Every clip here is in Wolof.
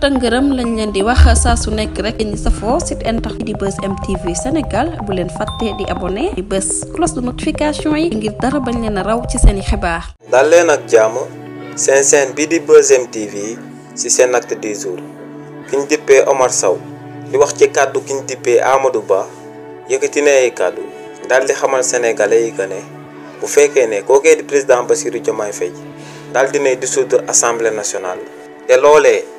tëngërëm lañ leen di wax saa su nekk rek ñi safoo site internet di bës mtv Senegal bu leen fàtte di abonné di bës cloche de notification yi eh. ngir dara bañ leen a raw ci xibaar dal leen ak jàmm seen seen bi di bës mtv si seen acte du jour kiñ dippee omar saw di wax ci kàddu kiñ dippee amadou ba yëkkati ne ay kàddu di xamal sénégalais yi que ne bu fekkee ne kookee di président bassirou diomaye faye di dinay dissoudre assemblée nationale te loolee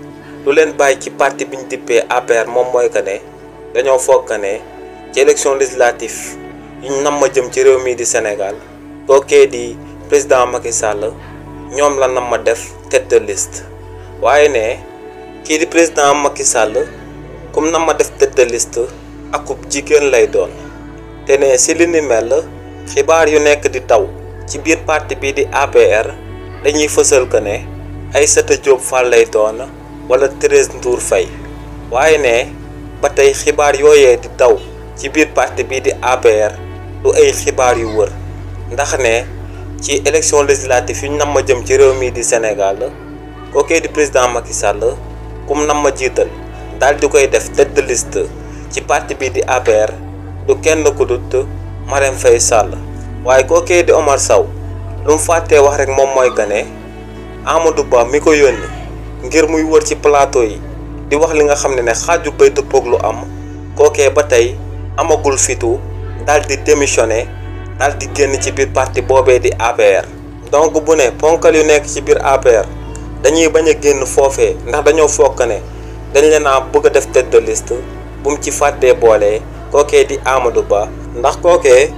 lu leen bàyyi ci parti bi ñu dippee APR moom mooy que ne dañoo foog ne ci élection législative yi ñu nam ma jëm ci réew mii di Sénégal kookee di président Macky Sall ñoom la nama def tête waaye ne kii di président Macky Sall comme nam ma def tête de liste jigéen lay doon te ne si mel xibaar yu nekk di taw ci biir parti bii di APR dañuy fësal que ne ay Diop Fall lay doon. wala Thérèse Ndour Faye waaye ne ba tey xibaar yooyee di daw ci biir parti bii di APR du ay xibaar yu wër ndax ne ci élection législative yu ñu nam ma jëm ci réew mii di Sénégal kookee di président Macky Sall kum nam ma jiital daal di koy def tête de ci parti bii di APR du kenn ku dut Marème Faye Sall waaye kookee di Omar saw lu fàtte wax rek moom mooy que ne Amadou Ba mi ko yónni ngir muy wër ci plateau yi di wax li nga xam ne ne xaaju bay dëppoog lu am kookee ba tey amagul fitu daal di démissionné daal génn ci biir parti boobee di APR. donc bu ne ponkal yu nekk ci biir APR dañuy bañ a génn foofee ndax dañoo fokk ne dañ leen a bëgg a def tête de liste bu ci fàddee boole kookee di Amadou Ba ndax kookee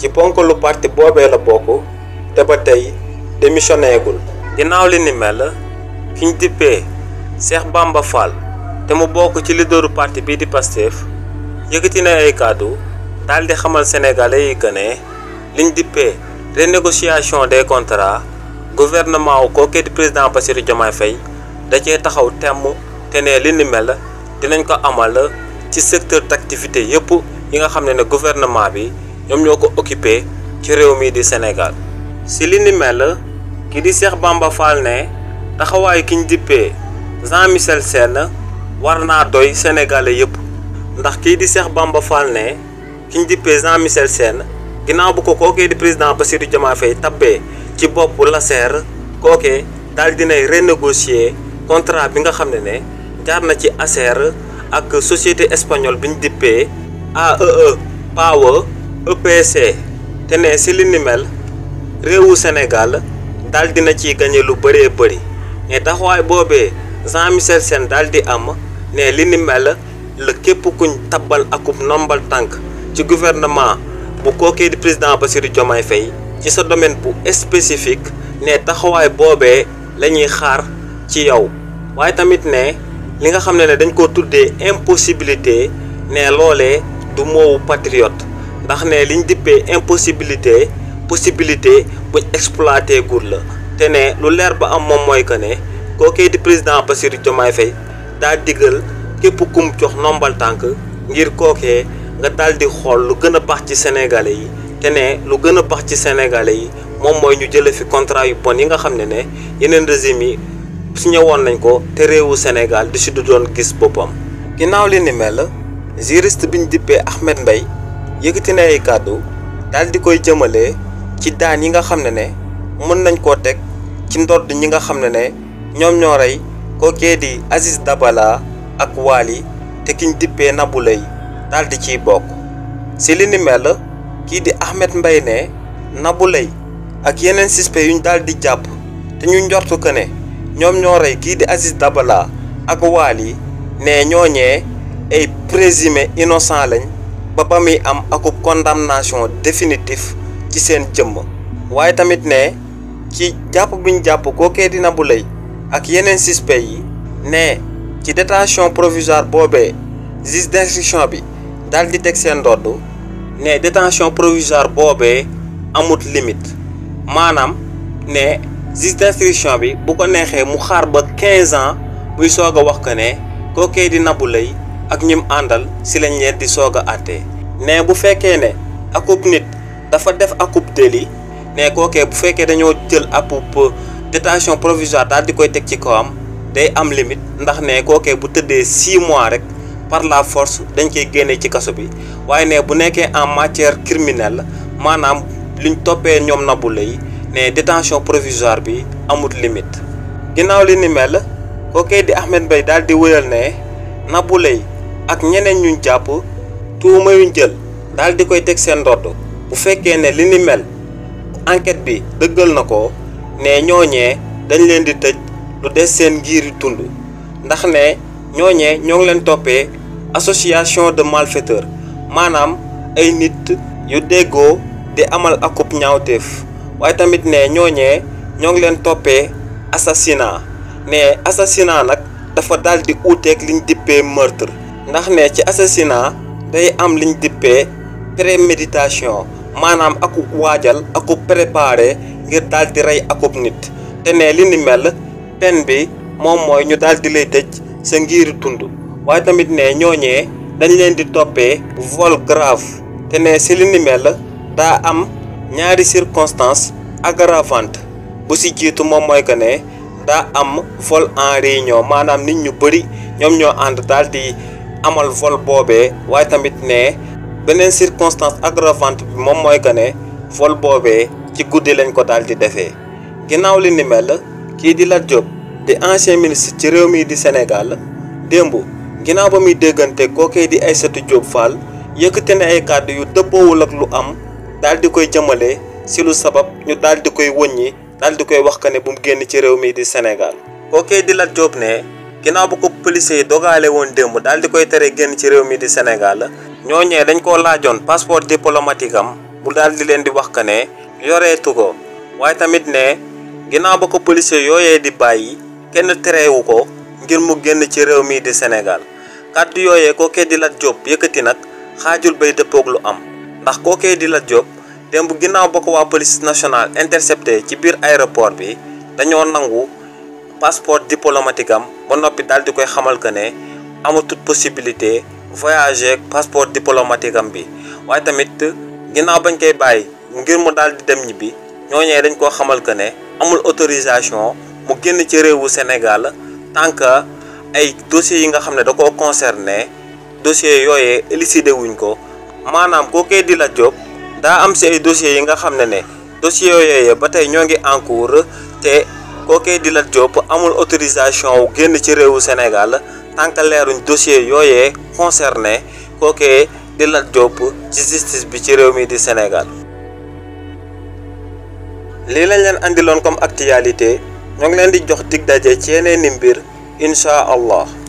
ci ponkalu parti boobee la bokk te ba tey démissionné ginnaaw li ki ñu dippee Cheikh Bamba Fall te mu bokk ci leaderu parti bii di Pastef yëkkati na ay kàddu daal di xamal sénégalais yi que ne liñ dippee renégociation des contrats gouvernement wu kookee président Bassirou Diomaye Faye da taxaw temm te ne li mel dinañ ko amal ci secteur d'activité yëpp yi nga xam ne ne gouvernement bi ñoom ñoo ko occupé ci réew mi di Sénégal si li ni mel ki di Cheikh Bamba Fall ne. taxaway kiñ dippé Jean Michel Sène warna doy sénégalais yépp ndax ki di Cheikh Bamba Fall ne ki ñu Jean Michel Sène ginaaw bu ko kookee di président Bassirou Diomaye Faye tabbee ci bop bopp Laser kookee dal dinay renégocier contrat bi nga xamné né ne jaar na ci ASER ak société espagnole biñ dippé AEE PAWA EPC e, e, e te ne si li ni mel réewu Sénégal dal dina ci gañe lu bëree bëri mais taxawaay bobé Jean Michel Sen daldi am ne li ni mel le képp kuñ tank akup nombal gouvernement bu le di président Bassirou Diomaye Faye ci sa domaine bu spécifique né taxaway bobé lañuy xaar ci yow tamit ne li nga xamné dañ ko impossibilité né l'olé. du patriote ndax impossibilité possibilité buñ exploiter te ne lu leer ba am moom mooy que ne kookee di président Bassirou Diomaye Faye daa digal képp kum jox nombal tànk ngir kookee nga daal di xool lu gën a baax ci sénégalais yi te ne lu gën a baax ci sénégalais yi moom mooy ñu jële fi contrat yu bon yi nga xam ne ne yeneen régime yi signé woon nañ ko te réewu Sénégal di si du doon gis boppam. ginnaaw li ni mel juriste bi ñu dippee Ahmed Mbaye yëkkati na kàddu daal di koy jëmale ci daan yi nga xam ne ne mën nañ koo teg. ci ndodd ñi nga xam ne ne ñoom ñoo rey kookee di Aziz Dabala ak Waly te kiñ dippee Nabou Leye daal di ciy bokk si li ni mel kii di Ahmed Mbaye ne Nabou Leye ak yeneen suspect yuñ daal di jàpp te ñu njortu ko ne ñoom ñoo rey kii di Aziz Dabala ak yi ne ñooñee ay présumé innocent lañ ba ba muy am aku condamnation définitif ci seen jëmm waaye tamit ne ci jàpp buñ japp kookee dina bu lay ak yeneen suspect yi ne ci détention provisoire boobee juge d'instruction bi dal di teg seen ndodd ne détention provisoire boobee amut limite maanaam ne juge d'instruction bi bu ko neexee mu xaar ba 15 ans muy soog a wax ko ne kookee di Nabou Leye ak ñim àndal si lañ leen di soog a àttee ne bu fekkee ne akub nit dafa def akub délit ne kookee bu fekkee dañoo jël ab détention provisoire daal di koy teg ci kawam day am limite ndax ne kookee bu tëddee 6 mois rek par la force dañ koy génnee ci kaso bi waaye ne bu nekkee en matière criminelle maanaam liñ toppee ñoom Nabou Leye ne détention provisoire bi amut limite ginnaaw li ni mel kookee di Ahmed Mbaye daal di wëyal ne Nabou ak ñeneen ñuñ jàpp tuuma yuñ jël daal di koy teg seen ndodd bu fekkee ne li enquête bi dëggal na ko ne ñooñee dañ leen di tëj lu des seen ngiiri tund ndax ne ñooñee ñoo ngi leen toppee association de malfaiteurs maanaam ay nit yu déggoo di amal akub ñaawteef waaye tamit ne ñooñee ñoo ngi leen toppee assassinat ne assassinat nag dafa daal di uuteeg liñ dippee meurtre ndax ne ci assassinat day am liñ dippee préméditation maanaam aku waajal akub préparé ngir daal di rey akub nit te ne li ni pen bi moom mooy ñu daal di lay tëj sa ngir tund waaye tamit ne ñooñee dañ leen di toppee vol grave te ne si li ni daa am ñaari circonstances aggravantes bu si jiitu moom mooy que ne daa am vol en réunion maanaam nit ñu bëri ñoom ñoo ànd daal di amal vol boobee waaye tamit ne beneen circonstance aggravante bi moom mooy que ne vol boobee ci guddi lañ ko daal di defee ginnaaw li ni mel kii di Lat Diop di ancien ministre ci réew mii di Sénégal démb ginnaaw ba muy déggante kookee di Aïssatou Diop Fall yëkkate ne ay kàddu yu dëppoowul ak lu am daal di koy jëmmale si lu sabab ñu daal di koy wëññi daal di koy wax que ne bu génn ci réew mii di Sénégal kookee di Lat Diop ne ginnaaw bu ko policiers yi dogaale woon démb daal di koy tere génn ci réew mii di Sénégal ñooñee dañ koo laajoon passeport diplomatique am bu daal di leen di wax que ne yoreetu ko waaye tamit ne ginnaaw ba ko policier yooyee di bàyyi kenn tereewu ko ngir mu génn ci réew mii di Sénégal kàddu yooyee kookee di Lat Diop yëkkati nag xaajul bay dëppoog lu am ndax kookee di Lat Diop démb ginnaaw ba ko waa police nationale intercepté ci biir aéroport bi dañoo nangu passeport diplomatique am ba noppi daal di koy xamal que ne amatut possibilité voyager ak passeport diplomatique am bi waaye tamit ginnaaw bañ koy bàyyi ngir mu daal di dem ñibbi ñooñee dañ koo xamal que ne amul autorisation mu génn ci réewu Sénégal tant que ay dossiers yi nga xam ne da koo concerné dossiers yooyee élucidé wuñ ko maanaam koo koy di la job daa am si ay dossiers yi nga xam ne ne dossiers yooyee ba tey ñoo ngi en cours te koo koy di la job amul autorisation wu génn ci réewu Sénégal. tant que leeruñ dossier yooyee concerné kookee di la Diop ci justice bi ci réew mi di Sénégal lii lañ leen indiloon comme actualité ñoo ngi leen di jox dig daje ci yeneen i mbir incha allah